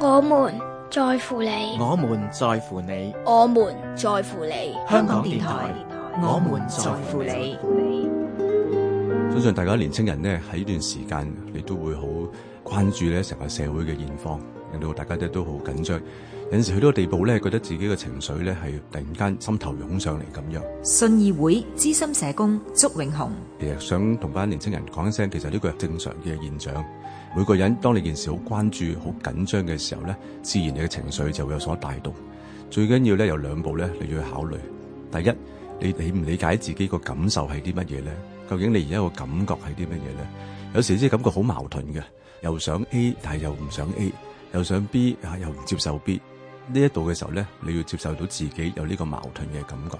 我們，我們在乎你，我們在乎你，我們在乎你。香港電台，電台我們在乎你。相信大家年輕人咧喺呢段時間，你都會好關注咧成個社會嘅現況。令到大家都好緊張，有陣時去到個地步咧，覺得自己嘅情緒咧係突然間心頭湧上嚟咁樣。信義會資深社工竺永洪其實想同班年青人講一聲，其實呢個係正常嘅現象。每個人當你件事好關注、好緊張嘅時候咧，自然你嘅情緒就會有所帶動。最緊要咧有兩步咧，你要去考慮。第一，你理唔理解自己個感受係啲乜嘢咧？究竟你而家個感覺係啲乜嘢咧？有時啲感覺好矛盾嘅，又想 A，但係又唔想 A。又想 B 啊，又唔接受 B 呢一度嘅時候咧，你要接受到自己有呢個矛盾嘅感覺，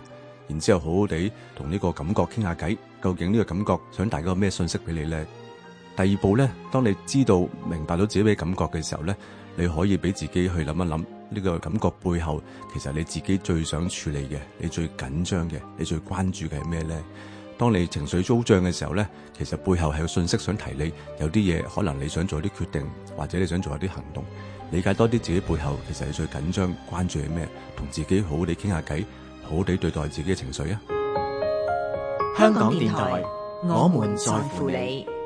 然之後好好地同呢個感覺傾下偈，究竟呢個感覺想帶個咩信息俾你咧？第二步咧，當你知道明白到自己咩感覺嘅時候咧，你可以俾自己去諗一諗呢、這個感覺背後，其實你自己最想處理嘅，你最緊張嘅，你最關注嘅係咩咧？當你情緒高漲嘅時候呢，其實背後係有訊息想提你，有啲嘢可能你想做啲決定，或者你想做一啲行動。理解多啲自己背後其實你最緊張、關注係咩，同自己好好哋傾下偈，好好哋對待自己嘅情緒啊！香港電台，我們在乎你。